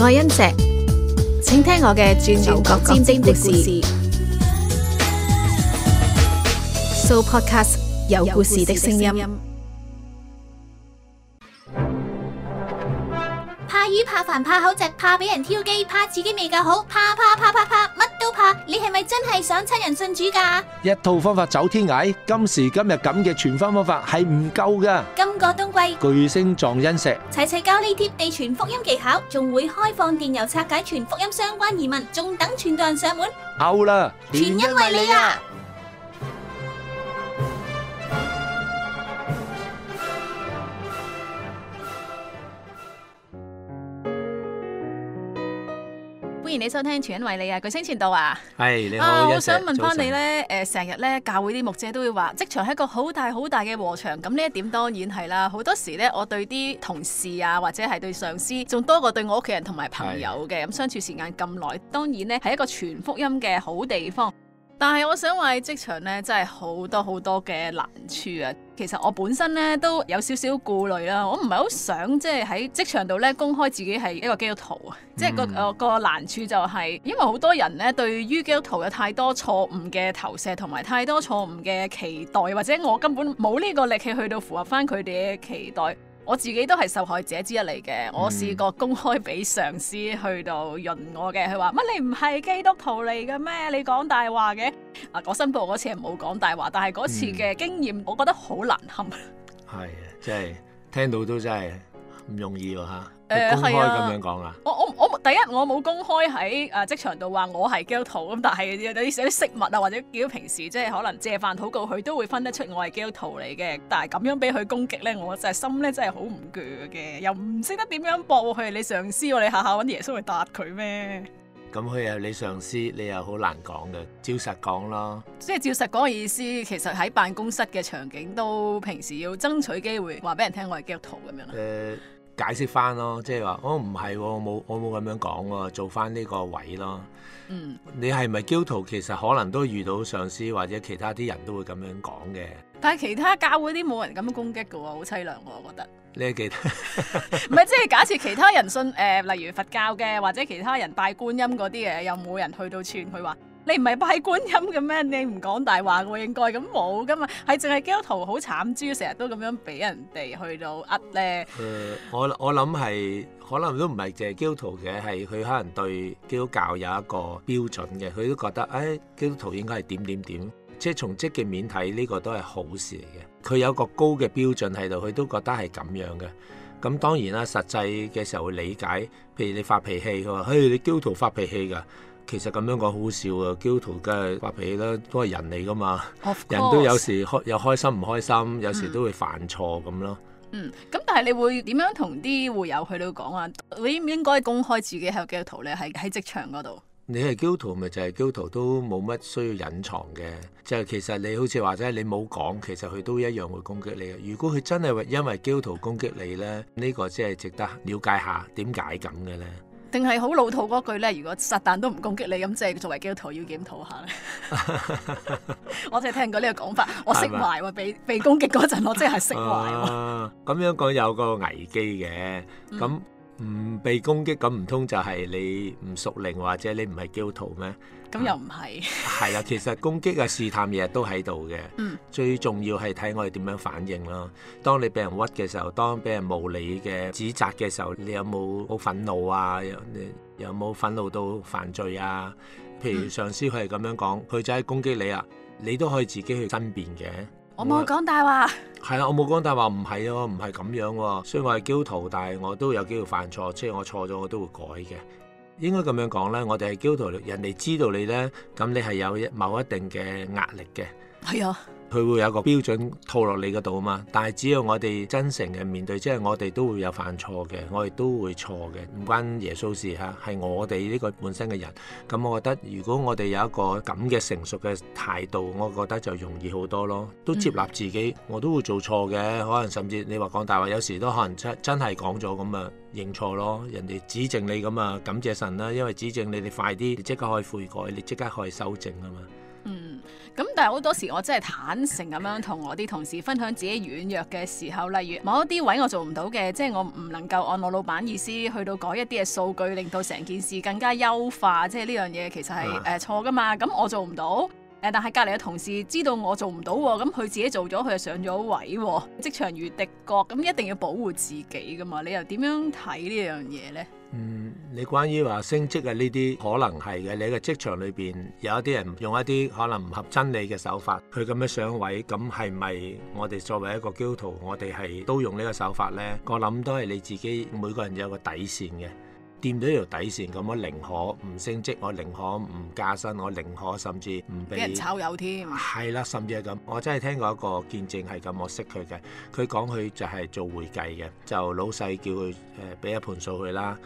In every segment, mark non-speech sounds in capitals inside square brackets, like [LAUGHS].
愛恩石，請聽我嘅轉轉角尖尖的故事。So podcast 有故事的聲音。怕煩怕口窒，怕俾人挑機，怕自己未夠好，怕怕怕怕怕，乜都怕。你係咪真係想親人信主噶？一套方法走天涯，今時今日咁嘅傳福音方法係唔夠噶。今個冬季巨星撞恩石，齊齊教呢貼地傳福音技巧，仲會開放電郵拆解傳福音相關疑問，仲等傳道人上門。out 啦！全因為你啊！歡迎你收聽全因為你啊！巨星前道啊，係、hey, 你好，啊、姐我想問翻你咧，誒上，成、呃、日咧教會啲牧者都會話，職場係一個好大好大嘅和場，咁呢一點當然係啦。好多時咧，我對啲同事啊，或者係對上司，仲多過對我屋企人同埋朋友嘅，咁的相處時間咁耐，當然咧係一個全福音嘅好地方。但係我想話喺職場咧，真係好多好多嘅難處啊！其實我本身咧都有少少顧慮啦，我唔係好想即係喺職場度咧公開自己係一個基督徒啊！嗯、即係個個難處就係，因為好多人咧對於基督徒有太多錯誤嘅投射，同埋太多錯誤嘅期待，或者我根本冇呢個力氣去到符合翻佢哋嘅期待。我自己都係受害者之一嚟嘅，嗯、我試過公開俾上司去到潤我嘅，佢話乜你唔係基督徒嚟嘅咩？你講大話嘅。嗱，我新報嗰次係冇講大話，但係嗰次嘅經驗，我覺得好難堪，嗯。係啊， [LAUGHS] 即係聽到都真係唔容易喎、啊。誒，係可以咁樣講啊！我我我第一我冇公開喺誒職場度話我係基督徒咁，但係有啲飾物啊，或者叫平時即係可能借飯禱告，佢都會分得出我係基督徒嚟嘅。但係咁樣俾佢攻擊咧，我就心咧真係好唔懼嘅，又唔識得點樣駁佢。你上司，你下下揾耶穌去答佢咩？咁佢又你上司，你又好難講嘅，照實講咯。即係照實講嘅意思，其實喺辦公室嘅場景都平時要爭取機會話俾人聽我係基督徒咁樣啦。誒。解釋翻、哦哦，咯，即係話我唔係我冇我冇咁樣講喎，做翻呢個位咯。嗯，你係咪基督徒，其實可能都遇到上司或者其他啲人都會咁樣講嘅。但係其他教會啲冇人咁樣攻擊嘅，好凄涼喎，我覺得。呢幾唔係即係假設其他人信誒、呃，例如佛教嘅，或者其他人拜觀音嗰啲嘢，有冇人去到串佢話？你唔係拜觀音嘅咩？你唔講大話，我應該咁冇噶嘛？係淨係基督徒好慘豬，成日都咁樣俾人哋去到噏咧。誒，我我諗係可能都唔係淨係基督徒嘅，係佢可能對基督教有一個標準嘅，佢都覺得誒基督徒應該係點點點。即係從積極面睇，呢個都係好事嚟嘅。佢有個高嘅標準喺度，佢都覺得係咁樣嘅。咁當然啦，實際嘅時候會理解。譬如你發脾氣，佢話：嘿，你基督徒發脾氣㗎。其實咁樣講好笑啊 g i l t t o 梗係發脾氣啦，都係人嚟噶嘛，Of course. 人都有時開又開心唔開心，有時都會犯錯咁、嗯、咯。嗯，咁但係你會點樣同啲會友去到講啊？你唔應該公開自己係 g i l t t o 咧，喺喺職場嗰度。你係 g i l t t o 咪就係 g i l t t o 都冇乜需要隱藏嘅。即就是、其實你好似話齋，你冇講，其實佢都一樣會攻擊你嘅。如果佢真係因為 g i l t t o 攻擊你咧，呢、這個即係值得了解下點解咁嘅咧。定係好老土嗰句咧，如果撒但都唔攻擊你，咁即係作為基督徒要檢討下咧。 [LAUGHS] [LAUGHS] [LAUGHS] 我即係聽過呢個講法， [LAUGHS] 我識壞喎、啊！被被攻擊嗰陣， [LAUGHS] 我即係識壞喎、啊。咁 [LAUGHS] 樣講有個危機嘅，咁唔被攻擊，咁唔通就係你唔熟靈，或者你唔係基督徒咩？咁、嗯、又唔不係？係 [LAUGHS] 啦，其實攻擊啊、試探日日都喺度嘅。嗯，最重要係睇我哋點樣反應咯。當你畀人屈嘅時候，當畀人無理嘅指責嘅時候，你有冇好憤怒啊？有冇憤怒到犯罪啊？譬如上司佢係咁樣講，佢就係攻擊你啊！你都可以自己去爭辯嘅。我冇講大話。係啦，我冇講大話，唔係啊，我唔係咁樣喎。所以我係基督徒，但係我都有機會犯錯，即係我錯咗，我都會改嘅。應該咁樣講咧，我哋係基督徒，人哋知道你咧，咁你係有一某一定嘅壓力嘅。係啊。佢會有個標準套落你嗰度啊嘛，但係只要我哋真誠嘅面對，即係我哋都會有犯錯嘅，我哋都會錯嘅，唔關耶穌事嚇，係我哋呢個本身嘅人。咁、嗯、我覺得，如果我哋有一個咁嘅成熟嘅態度，我覺得就容易好多咯，都接納自己，我都會做錯嘅，可能甚至你話講大話，有時都可能真真係講咗咁啊，認錯咯，人哋指正你咁啊，感謝神啦，因為指正你哋快啲，你即刻可以悔改，你即刻可以修正啊嘛。嗯，咁但係好多時我真係坦誠咁樣同我啲同事分享自己軟弱嘅時候，例如某一啲位我做唔到嘅，即係我唔能夠按我老闆意思去到改一啲嘅數據，令到成件事更加優化，即係呢樣嘢其實係誒錯噶嘛，咁我做唔到誒、呃，但係隔籬嘅同事知道我做唔到，咁佢自己做咗佢就上咗位，啊、職場如敵國，咁一定要保護自己噶嘛，你又點樣睇呢樣嘢呢？嗯，你關於話升職啊呢啲可能係嘅，你喺個職場裏邊有一啲人用一啲可能唔合真理嘅手法，佢咁樣上位，咁係咪我哋作為一個基督徒，我哋係都用呢個手法呢？我諗都係你自己每個人有個底線嘅，掂到條底線咁我寧可唔升職，我寧可唔加薪，我寧可甚至唔俾人炒魷添。係啦，甚至係咁。我真係聽過一個見證係咁，我識佢嘅，佢講佢就係做會計嘅，就老細叫佢誒俾一盤數佢啦。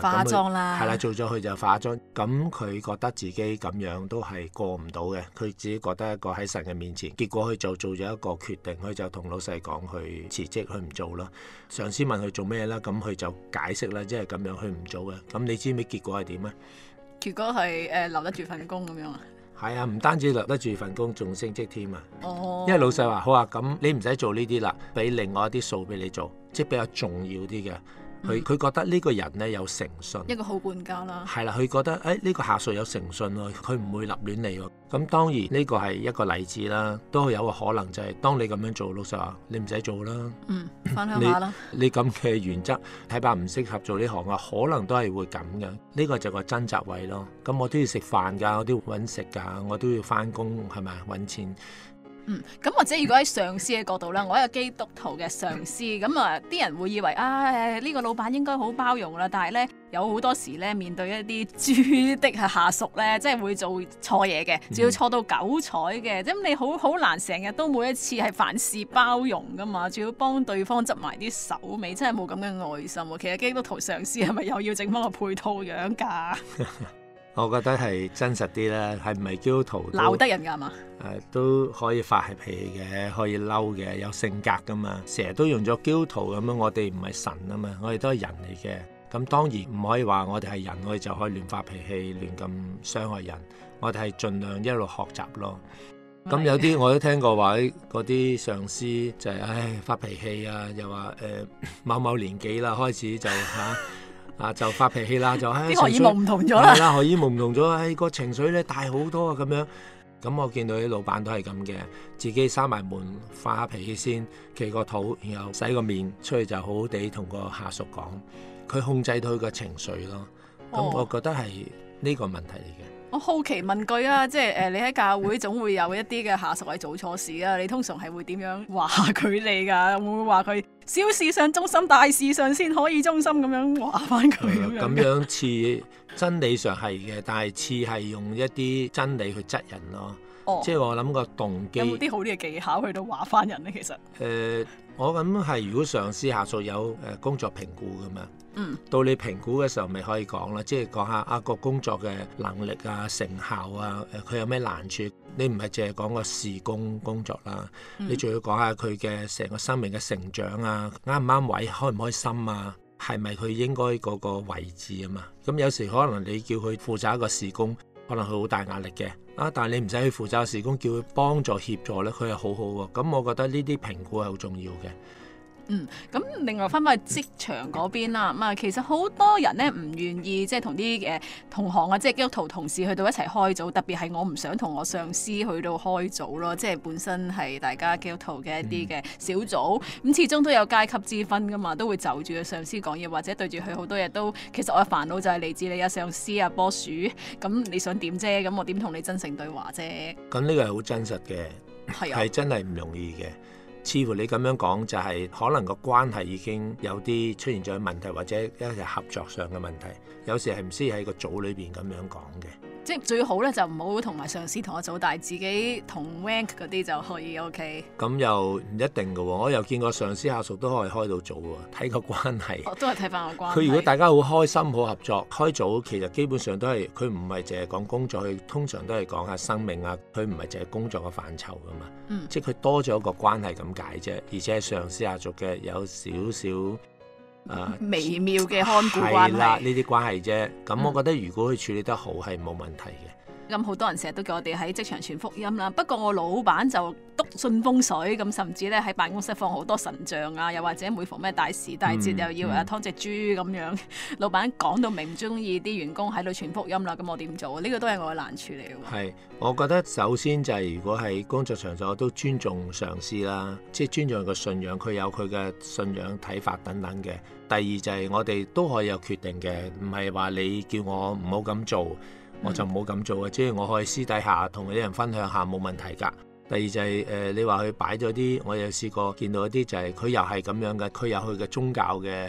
化妝啦，係啦，做咗佢就化妝。咁佢覺得自己咁樣都係過唔到嘅，佢自己覺得一個喺神嘅面前。結果佢就做咗一個決定，佢就同老細講去辭職，佢唔做啦。上司問佢做咩啦，咁佢就解釋啦，即係咁樣佢唔做嘅。咁你知唔知結果係點啊？結果係誒、呃、留得住份工咁樣啊？係啊，唔單止留得住份工，仲升職添啊！Oh. 因為老細話好啊，咁你唔使做呢啲啦，俾另外一啲數俾你做，即係比較重要啲嘅。佢佢、嗯、覺得呢個人咧有誠信，一個好管家啦。係啦，佢覺得誒呢、哎呢個下屬有誠信喎，佢唔會立亂嚟喎。咁當然呢個係一個例子啦，都有個可能就係當你咁樣做，老實話你唔使做啦。嗯，翻鄉下啦。你咁嘅原則睇怕唔適合做呢行啊，可能都係會咁嘅。呢、呢個就個掙扎位咯。咁我都要食飯㗎，我都要揾食㗎，我都要翻工係咪啊？揾錢。嗯，咁或者如果喺上司嘅角度咧，我係基督徒嘅上司，咁啊啲人會以為啊，呢個老闆應該好包容啦，但係咧有好多時咧面對一啲豬的下屬咧，即係會做錯嘢嘅，仲要錯到九彩嘅，咁你好好難成日都每一次係凡事包容噶嘛，仲要幫對方執埋啲手尾，真係冇咁嘅愛心。其實基督徒上司係咪又要整翻個配套樣噶？ [LAUGHS] 我覺得係真實啲啦，係唔係基督徒鬧得人㗎嘛？誒、啊、都可以發下脾氣嘅，可以嬲嘅，有性格㗎嘛。成日都用咗基督徒咁樣，我哋唔係神啊嘛，我哋都係人嚟嘅。咁當然唔可以話我哋係人，我哋就可以亂發脾氣，亂咁傷害人。我哋係盡量一路學習咯。咁有啲我都聽過話，啲嗰啲上司就係、是、唉發脾氣啊，又話誒、呃、某某年紀啦，開始就嚇。啊啊， [LAUGHS] 就發脾氣啦，就哎，啲荷爾蒙唔同咗啦，係啦， [LAUGHS] 荷爾蒙唔同咗，哎，個情緒咧大好多啊，咁樣，咁我見到啲老闆都係咁嘅，自己閂埋門發下脾氣先，企個肚，然後洗個面出去就好好地同個下屬講，佢控制到佢個情緒咯，咁、oh. 我覺得係呢個問題嚟嘅。Oh. 我好奇問句啊，即係誒，你喺教會總會有一啲嘅下屬係做錯事啊，你通常係會點樣話佢哋㗎？會唔會話佢？小事上忠心，大事上先可以忠心咁、嗯、樣話翻佢。咁樣似真理上係嘅，但係似係用一啲真理去質人咯。哦，即係我諗個動機啲、嗯、好啲嘅技巧去到話翻人咧？其實誒、呃，我諗係如果上司下屬有誒工作評估咁樣嗯，到你評估嘅時候咪可以講啦，即係講下啊個工作嘅能力啊、成效啊，誒佢有咩難處？你唔係淨係講個事工工作啦，嗯，你仲要講下佢嘅成個生命嘅成長啊。啱唔啱位，開唔開心啊？係咪佢應該嗰個位置啊？嘛，咁有時可能你叫佢負責一個事工，可能佢好大壓力嘅。啊，但係你唔使去負責個事工，叫佢幫助協助呢，佢係好好嘅。咁我覺得呢啲評估係好重要嘅。嗯，咁另外返返去職場嗰邊啦，咁啊其實好多人呢唔願意即係同啲誒同行啊，即係基督徒同事去到一齊開組，特別係我唔想同我上司去到開組咯，即係本身係大家基督徒嘅一啲嘅小組，咁、嗯、始終都有階級之分㗎嘛，都會就住佢上司講嘢，或者對住佢好多嘢都，其實我嘅煩惱就係嚟自你啊上司啊波鼠，咁你想點啫？咁我點同你真誠對話啫？咁呢個係好真實嘅，係呀真係唔容易嘅。似乎你咁樣講就係、是、可能個關係已經有啲出現咗問題，或者一係合作上嘅問題，有時係唔適宜喺個組裏面咁樣講嘅。即係最好咧，就唔好同埋上司同我組，但係自己同 rank 嗰啲就可以 OK。咁又唔一定嘅喎，我有見過上司下屬都可以開到組喎，睇個關係。哦、都係睇翻個關係。佢如果大家好開心、好合作，開組其實基本上都係佢唔係淨係講工作，佢通常都係講下生命啊，佢唔係淨係工作嘅範疇㗎嘛。嗯、即係佢多咗一個關係咁解啫，而且上司下屬嘅有少少。啊，微妙嘅看管關係，呢啲關係啫。咁我覺得，如果佢處理得好，係冇、嗯、問題嘅。咁好多人成日都叫我哋喺職場傳福音啦。不過我老闆就篤信風水，咁甚至咧喺辦公室放好多神像啊，又或者每逢咩大事大節、嗯嗯、又要啊劏隻豬咁樣。老闆講到明，唔中意啲員工喺度傳福音啦。咁我點做呢？呢個都係我嘅難處嚟嘅。係，我覺得首先就係、是、如果喺工作場所都尊重上司啦，即、就、係、是、尊重個信仰，佢有佢嘅信仰睇法等等嘅。第二就係、是、我哋都可以有決定嘅，唔係話你叫我唔好咁做。我就唔好咁做啊，即係我可以私底下同啲人分享下冇問題㗎。第二就係、是、誒、呃，你話佢擺咗啲，我有試過見到一啲就係佢又係咁樣嘅，佢有佢嘅宗教嘅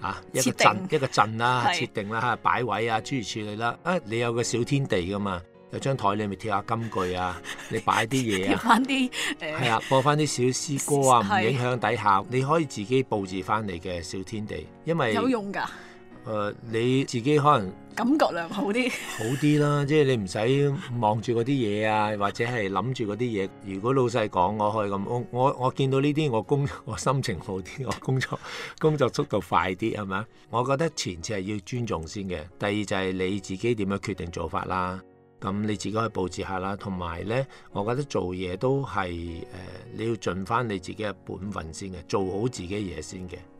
啊一個陣定一個陣啦，是設定啦嚇、啊、擺位啊，諸如此類啦。啊，你有個小天地㗎嘛？有張台你咪貼下金句啊，你擺啲嘢啊，啲誒， [LAUGHS] 係、呃、啊，播翻啲小詩歌啊，唔影響底下。你可以自己佈置翻你嘅小天地，因為有用㗎。誒、uh, 你自己可能感覺良好啲，好啲啦，即係你唔使望住嗰啲嘢啊，或者係諗住嗰啲嘢。如果老細講我可以咁，我我我見到呢啲我工我心情好啲，我工作 [LAUGHS] 工作速度快啲係咪？我覺得前次係要尊重先嘅，第二就係你自己點樣決定做法啦。咁你自己去佈置下啦。同埋呢，我覺得做嘢都係誒、呃，你要盡翻你自己嘅本分先嘅，做好自己嘢先嘅。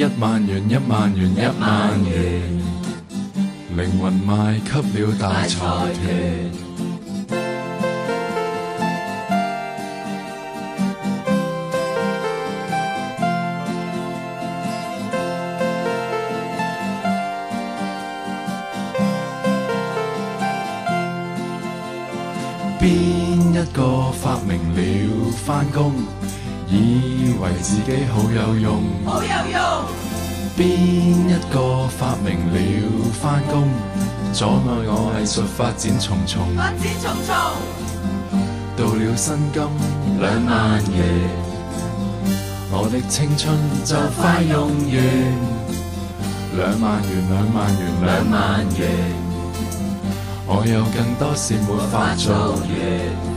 一萬元一萬元一萬元，靈魂賣給了大財團。邊 [NOISE] 一個發明了返工？以為自己好有用，好有用。邊一個發明了返工？阻礙我藝術發展重重，發展重重。到了薪金兩萬元，我嘅青春就快用完。兩萬元，兩萬元，兩萬元，我有更多事沒法做完。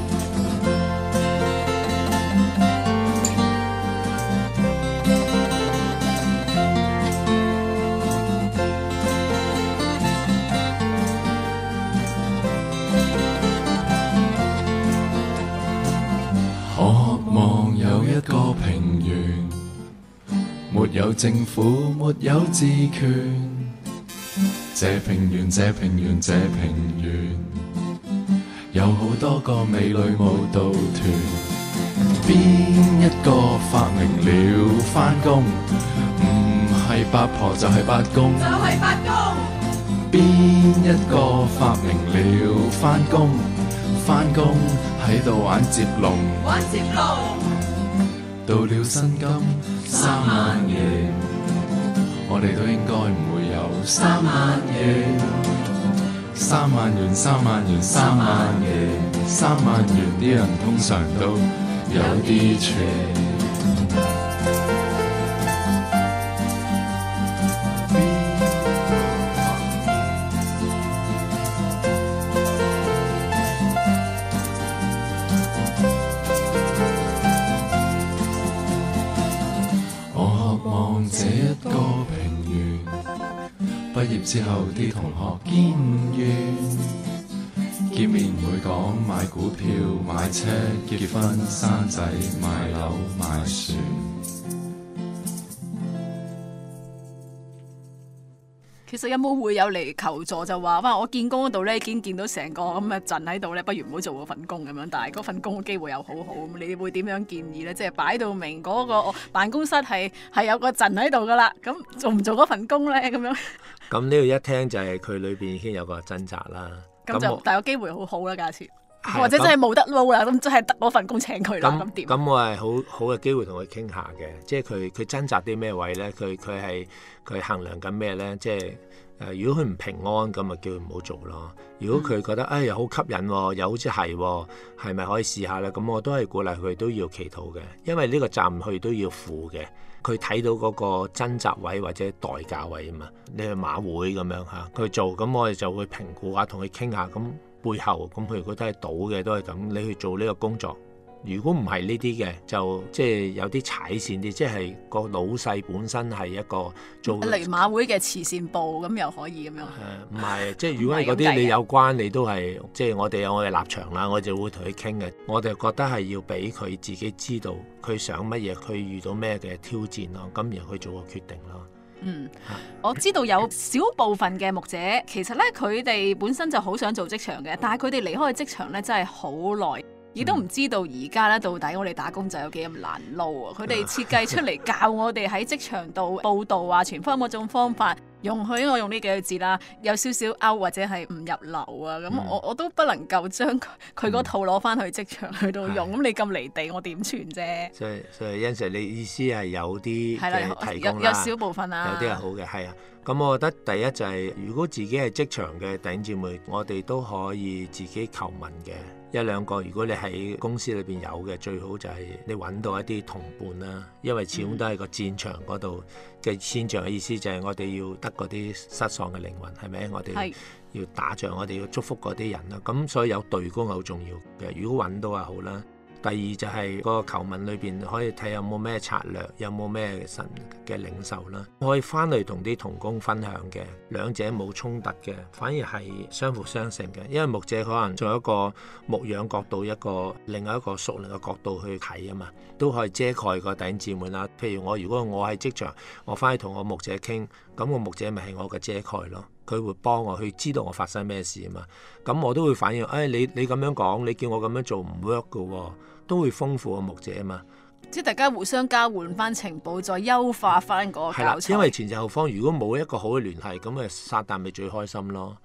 有政府沒有自權？這平原，這平原，這平原，有好多個美女舞蹈團。邊一個發明了返工？唔係、嗯、八婆就係、是、八公，就係八公。邊一個發明了返工？返工喺度玩接龍，玩接龍。到了薪金。三萬元，我哋都應該唔會有三萬元。三萬元，三萬元，三萬元，三萬元啲人通常都有啲錢。一個平原，畢業之後啲同學見面，見面會講買股票、買車、結婚、生仔、買樓、買船。其實有冇會有嚟求助就話，哇！我見工嗰度咧已經見到成個咁嘅陣喺度咧，不如唔好做嗰份工咁樣，但係嗰份工嘅機會又好好，你會點樣建議咧？即係擺到明嗰個辦公室係係有個陣喺度噶啦，咁、嗯、做唔做嗰份工咧？咁樣咁呢度一聽就係佢裏邊已經有個掙扎啦。咁就我但係個機會好好、啊、啦，假設、啊、或者真係冇得撈啦，咁真係得嗰份工請佢啦，咁那我係好好嘅機會同佢傾下嘅，即係佢佢掙扎啲咩位咧？佢佢係。佢衡量緊咩咧？即係誒、呃，如果佢唔平安，咁咪叫佢唔好做咯。如果佢覺得誒又好吸引、哦，又好似係、哦，係咪可以試下咧？咁我都係鼓勵佢都要祈禱嘅，因為呢個站佢都要付嘅。佢睇到嗰個掙扎位或者代價位啊嘛，你去馬會咁樣吓，佢做，咁我哋就會評估下，同佢傾下。咁背後咁，佢如果都係賭嘅，都係咁，你去做呢個工作。如果唔係呢啲嘅，就即係有啲踩線啲，即係個老細本身係一個做力馬會嘅慈善部，咁又可以咁樣。唔係，即係是 如果係嗰啲你有關，你都係即係我哋有我嘅立場啦，我就會同佢傾嘅。我哋覺得係要俾佢自己知道佢想乜嘢，佢遇到咩嘅挑戰咯，咁然後去做個決定咯。嗯， [LAUGHS] 我知道有少部分嘅牧者，其實呢，佢哋本身就好想做職場嘅，但係佢哋離開職場呢，真係好耐。亦都唔知道而家咧到底我哋打工仔有幾咁難撈啊！佢哋設計出嚟教我哋喺職場度報道啊、 [LAUGHS] 傳翻嗰種方法，容許我用呢幾個字啦、啊，有少少 out 或者係唔入流啊！咁我我都不能夠將佢嗰套攞翻去職場去到用。咁的你咁離地，我點傳啫？所以所以，Ensay 你意思係有啲係提供啦，有少部分啊，有啲係好嘅，係啊。咁我覺得第一就係、是、如果自己係職場嘅頂姐妹，我哋都可以自己求問嘅。一兩個，如果你喺公司裏邊有嘅，最好就係你揾到一啲同伴啦，因為始終都係個戰場嗰度嘅戰場嘅意思就係我哋要得嗰啲失喪嘅靈魂，係咪？我哋要打仗，是我哋要祝福嗰啲人啦。咁所以有隊工好重要嘅，如果揾到就好啦。第二就係個求問裏邊可以睇有冇咩策略，有冇咩神嘅領袖啦，我可以翻嚟同啲同工分享嘅，兩者冇衝突嘅，反而係相輔相成嘅。因為牧者可能仲有一個牧養角度，一個另外一個屬靈嘅角度去睇啊嘛，都可以遮蓋個頂字門啦。譬如我如果我喺職場，我翻去同我牧者傾，咁我個牧者咪係我嘅遮蓋咯，佢會幫我去知道我發生咩事啊嘛。咁我都會反映，誒、哎、你你咁樣講，你叫我咁樣做唔 work 㗎喎。都會豐富個牧者嘛，即係大家互相交換翻情報，再優化翻嗰個係啦、嗯。因為前線後方如果冇一個好嘅聯繫，咁啊撒旦咪最開心咯。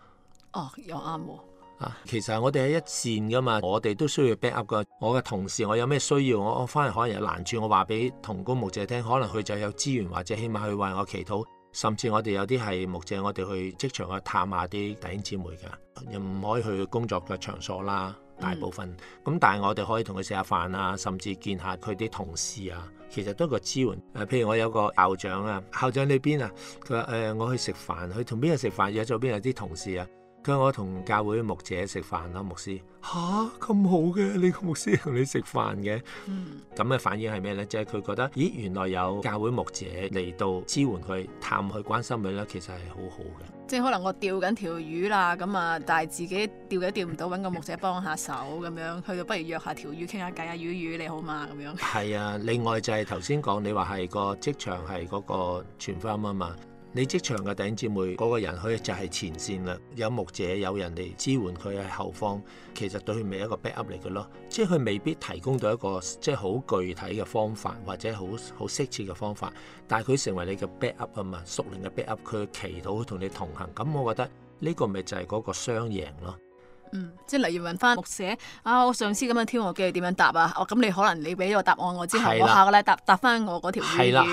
哦，又啱喎、啊。其實我哋係一線噶嘛，我哋都需要 backup 嘅。我嘅同事，我有咩需要，我我翻嚟可能有難處，我話俾同工牧者聽，可能佢就有資源，或者起碼佢為我祈禱。甚至我哋有啲係牧者，我哋去職場去探下啲弟兄姊妹㗎，又唔可以去工作嘅場所啦。大部分咁，嗯、但係我哋可以同佢食下飯啊，甚至見下佢啲同事啊，其實都係個支援。誒，譬如我有個校長啊，校長呢邊啊，佢話誒，我去食飯，去同邊個食飯，約咗邊個啲同事啊。佢話我同教會牧者食飯咯，牧師吓，咁好嘅，你個牧師同你食飯嘅，咁嘅反應係咩呢？即係佢覺得，咦，原來有教會牧者嚟到支援佢、探佢、關心佢咧，其實係好好嘅。即係可能我釣緊條魚啦，咁啊，但係自己釣都釣唔到，揾個牧者幫下手咁樣，去到不如約下條魚傾下偈啊，魚魚你好嘛咁樣。係啊，另外就係頭先講，你話係個職場係嗰個存心啊嘛。你職場嘅弟兄姊妹嗰個人，佢就係前線啦，有牧者有人嚟支援佢喺後方，其實對佢咪一個 backup 嚟嘅咯，即係佢未必提供到一個即係好具體嘅方法或者好好適切嘅方法，但係佢成為你嘅 backup 啊嘛，熟練嘅 backup，佢祈禱同你同行，咁我覺得呢個咪就係嗰個雙贏咯。嗯，即係例如問翻牧者啊，我上次咁樣挑我，佢點樣答啊？哦，咁、嗯、你可能你俾個答案我之後，的我下個禮拜答答翻我嗰條魚啊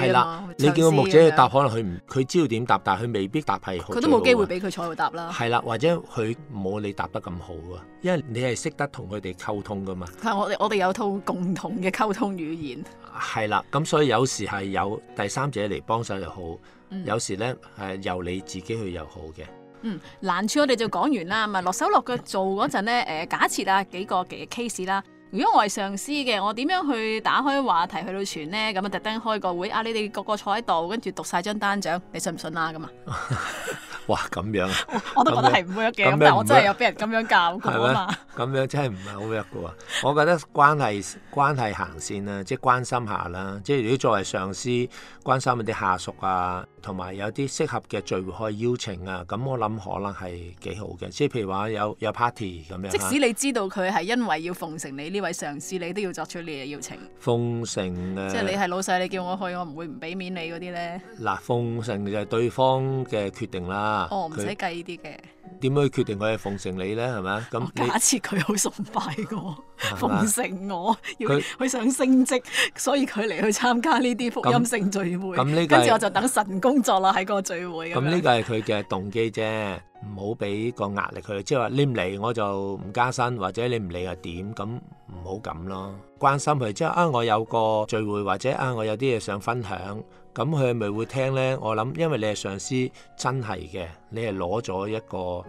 嘛。次你見個牧者去答，可能佢唔佢知道點答，但係佢未必答係佢都冇機會俾佢坐去答啦。係啦，或者佢冇你答得咁好啊，因為你係識得同佢哋溝通噶嘛。但係我哋我哋有套共同嘅溝通語言。係啦，咁所以有時係有第三者嚟幫手又好，有時咧係由你自己去又好嘅。嗯 [NOISE] 嗯，難處我哋就講完啦，咪落手落腳做嗰陣咧，誒，假設啊幾個嘅 case 啦。如果我係上司嘅，我點樣去打開話題去到傳咧？咁啊，特登開個會啊，你哋個個坐喺度，跟住讀晒張單張，你信唔信啊？咁啊，哇，咁樣我都覺得係唔 work 嘅，但係我真係有俾人咁樣教過啊嘛。咁樣真係唔係好 work 嘅，我覺得關係 [LAUGHS] 關係行先啊，即係關心下啦。即係如果作為上司關心嗰啲下屬啊。同埋有啲適合嘅聚會可以邀請啊，咁我諗可能係幾好嘅，即係譬如話有有 party 咁樣。即使你知道佢係因為要奉承你呢位上司，你都要作出你嘅邀請。奉承啊，即係你係老細，你叫我去，我唔會唔俾面你嗰啲咧。嗱，奉承就係對方嘅決定啦。哦，唔使計呢啲嘅。點樣去決定佢係奉承你咧？係咪啊？咁你假設佢好崇拜我，吧奉承我，要佢他想升職，所以佢嚟去參加呢啲福音性聚會，跟住我就等神工作啦喺個聚會。咁呢個係佢嘅動機啫，唔好俾個壓力佢，即係話你唔嚟我就唔加薪，或者你唔嚟又點？咁唔好咁咯，關心佢，即係啊，我有個聚會，或者啊，我有啲嘢想分享。咁佢係咪會聽呢？我諗，因為你係上司，真係嘅，你係攞咗一個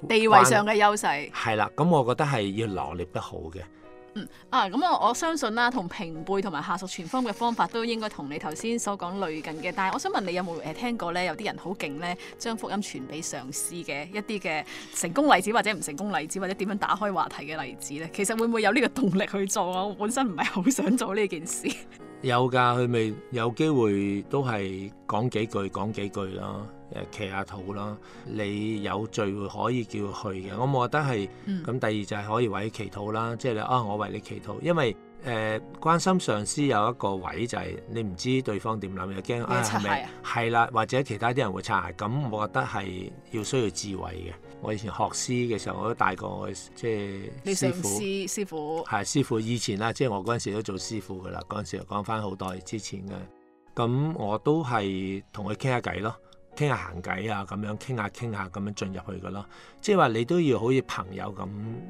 誒地位上嘅優勢。係啦，咁我覺得係要努力得好嘅、嗯啊。嗯啊，咁我相信啦、啊，同平輩同埋下屬傳福音嘅方法，都應該同你頭先所講類近嘅。但係，我想問你有冇誒聽過呢？有啲人好勁呢，將福音傳俾上司嘅一啲嘅成功例子，或者唔成功例子，或者點樣打開話題嘅例子呢？其實會唔會有呢個動力去做啊？我本身唔係好想做呢件事。有噶，佢咪有機會都係講幾句，講幾句咯，誒，祈下禱啦。你有聚會可以叫佢嘅，我覺得係。咁第二就係可以為祈禱啦，即係你，啊，我為你祈禱，因為誒，關心上司有一個位就係你唔知對方點諗，又驚啊係咪？係啦，或者其他啲人會擦鞋，咁我覺得係要需要智慧嘅。我以前學師嘅時候，我都大過我即係、就是、師傅父。師傅係師傅，以前啦，即係我嗰陣時都做師傅噶啦。嗰陣時講翻好多之前嘅，咁我都係同佢傾下偈咯，傾下行偈啊，咁樣傾下傾下咁樣進入去噶咯。即係話你都要好似朋友咁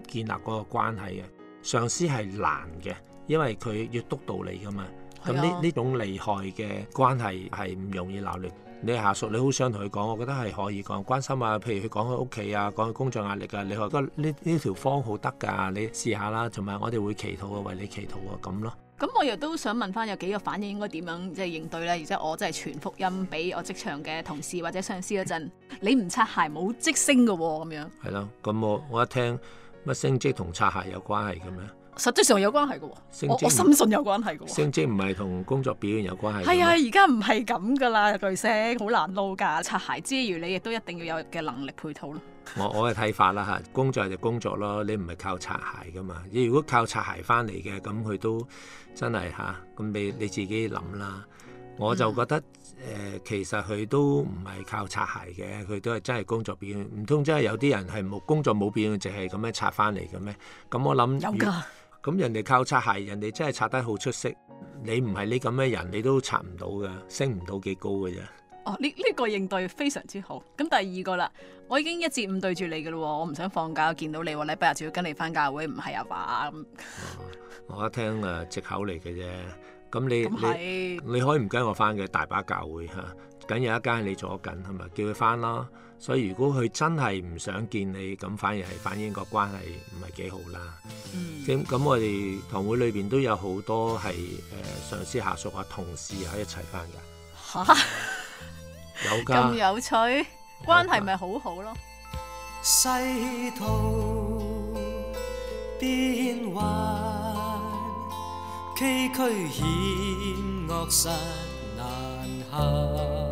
建立嗰個關係嘅。上司係難嘅，因為佢要督導你噶嘛。咁呢呢種利害嘅關係係唔容易扭亂。你係下屬，你好想同佢講，我覺得係可以講關心啊。譬如佢講佢屋企啊，講佢工作壓力啊，你覺得呢呢條方好得㗎？你試下啦，同埋我哋會祈禱啊，為你祈禱啊，咁咯。咁我亦都想問翻有幾個反應應該點樣即係應對咧？而且我真係傳福音俾我職場嘅同事或者上司嗰陣， [LAUGHS] 你唔擦鞋冇即升㗎喎咁樣。係咯，咁我我一聽乜升職同擦鞋有關係嘅咩？實質上有關係嘅，職，我我深信有關係嘅。升職唔係同工作表現有關係。係啊，而家唔係咁噶啦，晉升好難撈噶，擦鞋之餘，你亦都一定要有嘅能力配套咯。我我嘅睇法啦吓，工作就工作咯，你唔係靠擦鞋噶嘛？你如果靠擦鞋翻嚟嘅，咁佢都真係吓，咁、啊、你你自己諗啦。我就覺得誒、嗯呃，其實佢都唔係靠擦鞋嘅，佢都係真係工作表現。唔通真係有啲人係冇工作冇表現，淨係咁樣擦翻嚟嘅咩？咁我諗有噶。咁人哋靠擦鞋，人哋真係擦得好出色。你唔係你咁嘅人，你都擦唔到嘅，升唔到幾高嘅啫。哦，呢、這、呢個應對非常之好。咁第二個啦，我已經一至五對住你嘅咯，我唔想放假我見到你。禮拜日就要跟你返教會，唔係啊嘛咁。我一聽誒、呃、藉口嚟嘅啫。咁、嗯、你是你你可以唔跟我返嘅，大把教會嚇。梗有一間你坐緊係咪？叫佢返啦。所以如果佢真係唔想見你，咁反而係反映個關係唔係幾好啦。咁咁、嗯、我哋堂會裏邊都有好多係誒上司、下屬啊、同事喺一齊返㗎。哈 [LAUGHS] 有㗎家。咁有趣， [LAUGHS] 關係咪好好咯。世途變幻，崎嶇險惡實難行。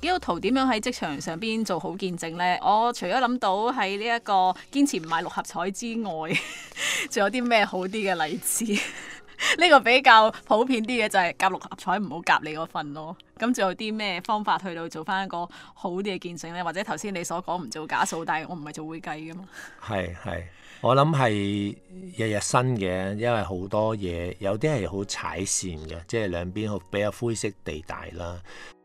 基督徒點樣喺職場上邊做好見證呢？我除咗諗到喺呢一個堅持唔買六合彩之外， [LAUGHS] 仲有啲咩好啲嘅例子？呢 [LAUGHS] 個比較普遍啲嘅就係夾六合彩唔好夾你嗰份咯。咁仲有啲咩方法去到做翻一個好啲嘅見證呢？或者頭先你所講唔做假數，但係我唔係做會計噶嘛。係係，我諗係日日新嘅，因為好多嘢有啲係好踩線嘅，即係兩邊好比較灰色地帶啦。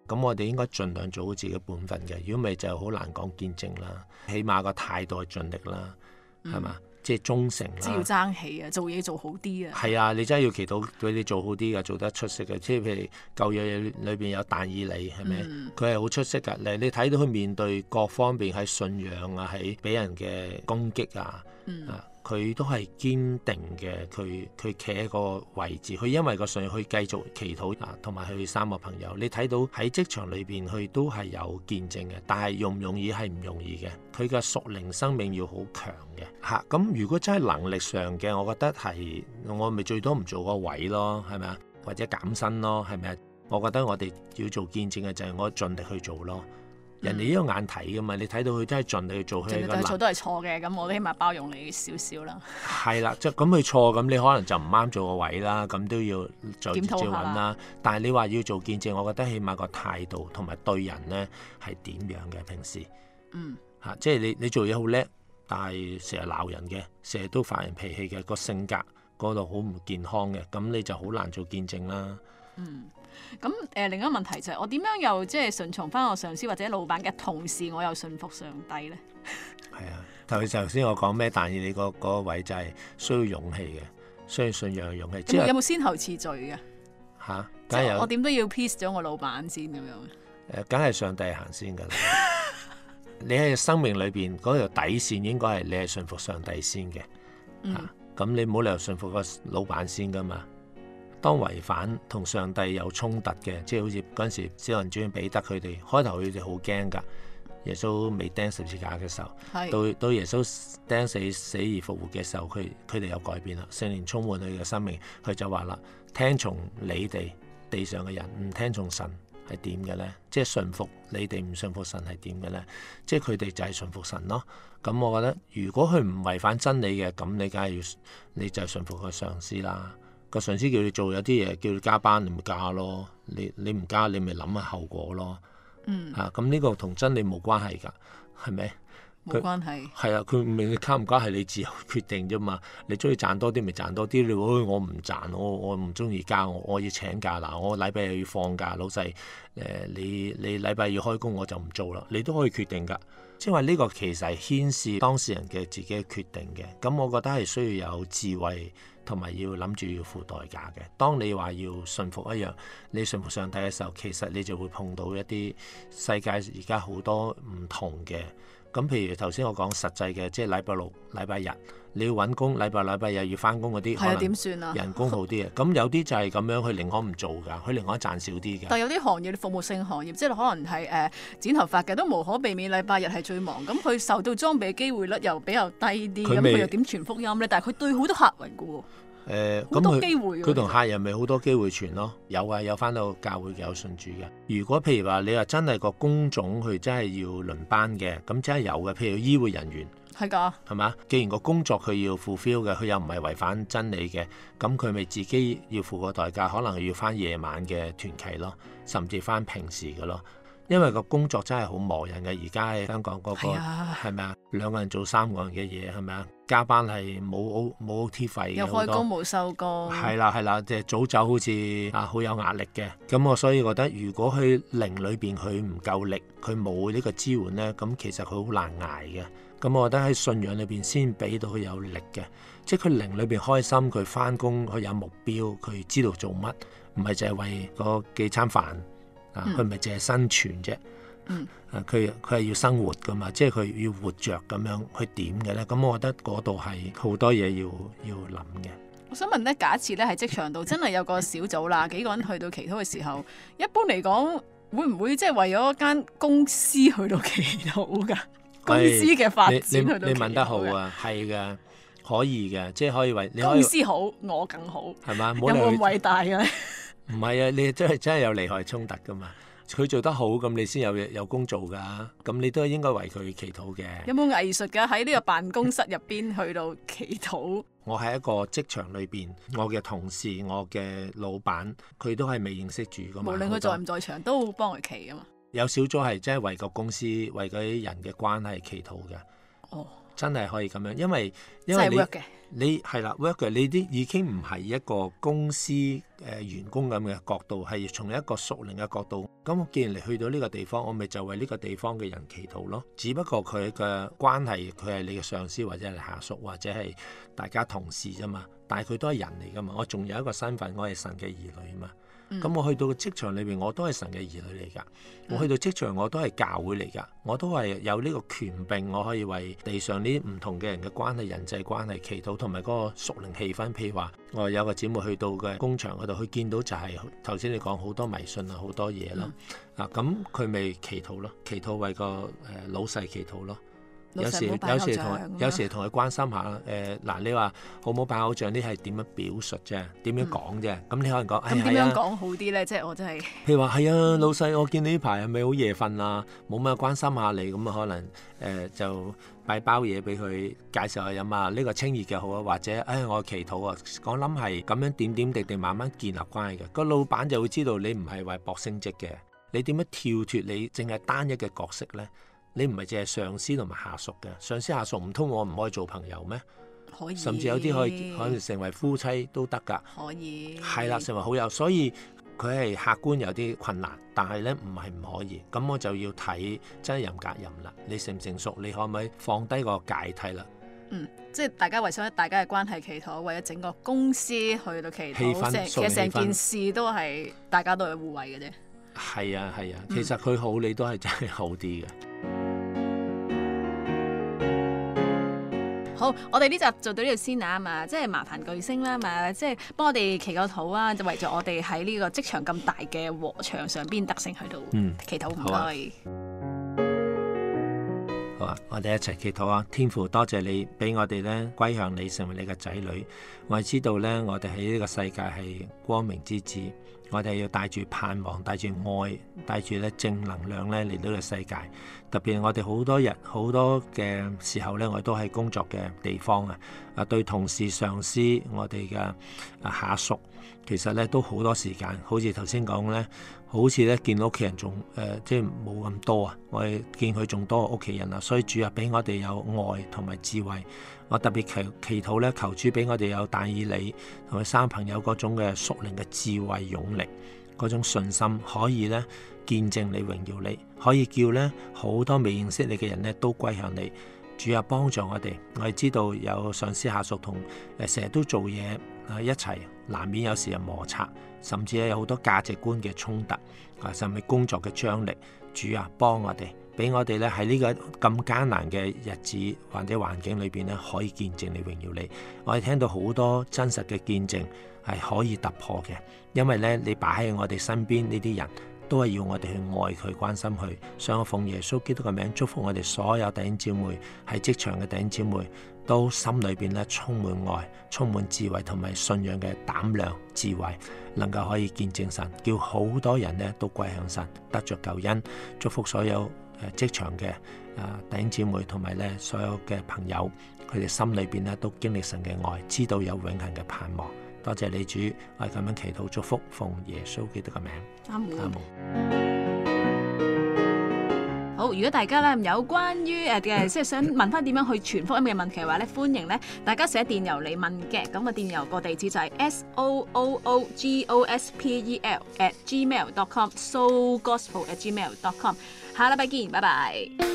咁我哋應該盡量做好自己本分嘅，如果唔係就好難講見證啦。起碼個態度係盡力啦，係嘛、嗯？即係忠誠啦。只要爭氣啊！做嘢做好啲啊！係啊！你真係要祈禱俾你做好啲嘅，做得出色嘅。即係譬如舊約裏邊有但以理係咪？佢係好出色㗎。你你睇到佢面對各方面喺信仰啊，喺俾人嘅攻擊啊，嗯、啊。佢都係堅定嘅，佢佢企喺個位置，佢因為個上去繼續祈禱啊，同埋佢三個朋友，你睇到喺職場裏邊佢都係有見證嘅，但係容唔容易係唔容易嘅，佢嘅屬靈生命要好強嘅嚇。咁、啊、如果真係能力上嘅，我覺得係我咪最多唔做個位咯，係咪啊？或者減薪咯，係咪啊？我覺得我哋要做見證嘅就係我盡力去做咯。人哋有眼睇噶嘛，你睇到佢真係盡力去做佢。做都係錯嘅，咁我都起碼包容你少少啦。係 [LAUGHS] 啦，即咁佢錯，咁你可能就唔啱做個位啦，咁都要再再揾啦。但係你話要做見證，我覺得起碼個態度同埋對人咧係點樣嘅平時？嗯。嚇、啊，即係你你做嘢好叻，但係成日鬧人嘅，成日都發人脾氣嘅，個性格嗰度好唔健康嘅，咁你就好難做見證啦。嗯。咁誒、呃，另一個問題就係我點樣又即係順從翻我上司或者老闆嘅同事，我又信服上帝咧？係啊，但係頭先我講咩？但係你個位就係需要勇氣嘅，需要信仰嘅勇氣。有冇先後次序嘅？嚇、啊！即係我點都要 peace 咗我老闆先咁樣。誒、啊，梗係上帝行先噶啦。 [LAUGHS] 你喺生命裏邊嗰條底線應該係你係信服上帝先嘅。嗯。咁、啊、你冇理由信服個老闆先噶嘛？當違反同上帝有衝突嘅，即係好似嗰陣時小人，使徒主彼得佢哋開頭佢哋好驚噶。耶穌未釘十字架嘅時候，的到到耶穌釘死死而復活嘅時候，佢佢哋有改變啦。聖靈充滿佢嘅生命，佢就話啦：聽從你哋地上嘅人，唔聽從神係點嘅咧？即係順服你哋唔順服神係點嘅咧？即係佢哋就係順服神咯。咁我覺得如果佢唔違反真理嘅，咁你梗係要你就順服個上司啦。個上司叫你做有啲嘢，叫你加班，你咪加咯。你你唔加，你咪諗下後果咯。嗯，嚇咁呢個同真理冇關係㗎，係咪？冇關係。係啊，佢唔明你卡唔加係你自由決定啫嘛。你中意賺多啲咪賺多啲。你我唔賺，我賺我唔中意加我，我要請假嗱。我禮拜又要放假，老細誒、呃，你你禮拜要開工我就唔做啦。你都可以決定㗎。即係話呢個其實牽涉當事人嘅自己決定嘅。咁我覺得係需要有智慧。同埋要諗住要付代價嘅。當你話要信服一樣，你信服上帝嘅時候，其實你就會碰到一啲世界而家好多唔同嘅。咁譬如頭先我講實際嘅，即係禮拜六、禮拜日，你要揾工，禮拜禮拜日要翻工嗰啲，係點算啊？人工好啲嘅，咁 [LAUGHS] 有啲就係咁樣佢寧可唔做㗎，佢寧可賺少啲嘅。但係有啲行業，你服務性行業，即係可能係誒、呃、剪頭髮嘅，都無可避免禮拜日係最忙，咁佢受到裝備機會率又比較低啲，咁佢又點傳福音咧？但係佢對好多客人㗎喎。誒，咁佢佢同客人咪好多機會傳咯，有啊，有翻到教會有信主嘅。如果譬如話你話真係個工種佢真係要輪班嘅，咁真係有嘅。譬如醫護人員係㗎，係嘛的？既然個工作佢要 fulfill 嘅，佢又唔係違反真理嘅，咁佢咪自己要付個代價，可能要翻夜晚嘅團契咯，甚至翻平時嘅咯。因為個工作真係好磨人嘅。而家喺香港，嗰個個係咪啊？兩個人做三個人嘅嘢係咪啊？加班係冇冇 OT 費嘅好多，開工冇收工。係啦係啦，即係、就是、早走好似啊，好有壓力嘅。咁我所以覺得，如果佢靈裏邊佢唔夠力，佢冇呢個支援呢，咁其實佢好難捱嘅。咁我覺得喺信仰裏邊先俾到佢有力嘅，即係佢靈裏邊開心，佢返工佢有目標，佢知道做乜，唔係淨係為嗰幾餐飯，佢唔係淨係生存啫。嗯，佢佢係要生活噶嘛，即係佢要活着咁樣去點嘅咧。咁我覺得嗰度係好多嘢要要諗嘅。我想問咧，假設咧喺職場度真係有個小組啦， [LAUGHS] 幾個人去到祈禱嘅時候，一般嚟講會唔會即係為咗一間公司去到祈禱噶？是公司嘅發展去到祈禱嘅。你，你問得好啊，係噶，可以嘅，即係可以為你可以公司好，我更好，係嘛？有冇咁偉大嘅咧？唔係 [LAUGHS] 啊，你真係真係有利害衝突噶嘛？佢做得好，咁你先有嘢有工做噶，咁你都應該為佢祈禱嘅。有冇藝術噶喺呢個辦公室入邊去到祈禱 [LAUGHS] ？我喺一個職場裏邊，我嘅同事、我嘅老闆，佢都係未認識住噶嘛。無論佢在唔在場， [LAUGHS] 都會幫佢祈噶嘛。有少咗係真係為個公司、為嗰啲人嘅關係祈禱嘅。哦，oh，真係可以咁樣，因為因為你係啦，work 嘅你啲已經唔係一個公司誒、呃呃、員工咁嘅角度，係從一個屬靈嘅角度。咁、嗯、我既然你去到呢個地方，我咪就為呢個地方嘅人祈禱咯。只不過佢嘅關係，佢係你嘅上司，或者係你下屬，或者係大家同事啫嘛。但係佢都係人嚟噶嘛，我仲有一個身份，我係神嘅兒女嘛。咁、嗯、我去到職場裏邊，我都係神嘅兒女嚟㗎。嗯、我去到職場，我都係教會嚟㗎，我都係有呢個權柄，我可以為地上呢啲唔同嘅人嘅關係、人際關係祈禱，同埋嗰個屬靈氣氛。譬如話，我有個姊妹去到嘅工場嗰度，佢見到就係頭先你講好多迷信啊，好多嘢咯。啊、嗯，咁佢咪祈禱咯。祈禱為個誒老細祈禱咯。有時有時同有時同佢關心下誒嗱、呃，你話好唔好拜偶像啲係點樣表述啫？點樣講啫？咁、嗯、你可能講誒係啊？嗯哎、樣點樣講好啲咧？即係我真係譬如話係啊，哎嗯、老細，我見你呢排係咪好夜瞓啊？冇乜關心下你咁啊？可能誒、呃、就擺包嘢俾佢，介紹下飲啊。呢、呢個清熱嘅好啊，或者誒、哎、我祈禱啊。我諗係咁樣點點滴滴慢慢建立關係嘅，個老闆就會知道你唔係為博升職嘅。你點樣跳脫你淨係單一嘅角色咧？你唔係淨係上司同埋下屬嘅上司下屬唔通我唔可以做朋友咩？可以甚至有啲可以可以成為夫妻都得㗎，可以係啦，成為好友。所以佢係客觀有啲困難，但係咧唔係唔可以咁我就要睇責人格任啦。你成唔成熟？你可唔可以放低個芥蒂啦？嗯，即係大家為咗大家嘅關係企妥，為咗整個公司去到企妥成成件事都係大家都係互惠嘅啫。係啊係啊，其實佢好你都係真係好啲嘅。好，我哋呢集做到呢度先啊嘛，即係麻煩巨星啦嘛，即係幫我哋祈個禱啊，就為咗我哋喺呢個職場咁大嘅和場上邊得勝去到，嗯，祈禱唔該。好啊，我哋一齊祈禱啊！天父，多謝你俾我哋咧歸向你，成為你嘅仔女。我哋知道咧，我哋喺呢個世界係光明之子，我哋要帶住盼望，帶住愛，帶住咧正能量咧嚟到個世界。特別我哋好多日好多嘅時候咧，我都喺工作嘅地方啊。啊，對同事、上司、我哋嘅下屬，其實咧都好多時間，好似頭先講咧。好似咧見到屋企人仲誒、呃，即係冇咁多啊！我見佢仲多屋企人啊，所以主啊，俾我哋有愛同埋智慧。我特別祈祈禱咧，求主俾我哋有但以理同埋三朋友嗰種嘅屬靈嘅智慧勇力、嗰種信心，可以咧見證你榮耀你，可以叫咧好多未認識你嘅人咧都歸向你。主啊，幫助我哋！我哋知道有上司下屬同誒，成日都做嘢啊，一齊難免有時有摩擦，甚至咧有好多價值觀嘅衝突啊，甚至工作嘅張力。主啊，幫我哋，俾我哋咧喺呢個咁艱難嘅日子或者環境裏邊咧，可以見證你榮耀你。我哋聽到好多真實嘅見證係可以突破嘅，因為咧你擺喺我哋身邊呢啲人。都係要我哋去愛佢、關心佢，所以我奉耶穌基督嘅名祝福我哋所有弟兄姊妹喺職場嘅弟兄姊妹，都心裏邊咧充滿愛、充滿智慧同埋信仰嘅膽量、智慧，能夠可以見證神，叫好多人咧都歸向神，得着救恩。祝福所有誒職場嘅啊弟兄姊妹同埋咧所有嘅朋友，佢哋心裏邊咧都經歷神嘅愛，知道有永恆嘅盼望。多謝你主，我咁樣祈禱祝福，奉耶穌基督嘅名。參 [MUSIC] 好，如果大家咧有關於誒嘅，即係想問翻點樣去傳福音嘅問題嘅話咧，歡迎咧大家寫電郵嚟問嘅。咁個電郵個地址就係 s o o o g o s p e l at gmail dot com，so gospel at gmail dot com。下禮拜見，拜拜。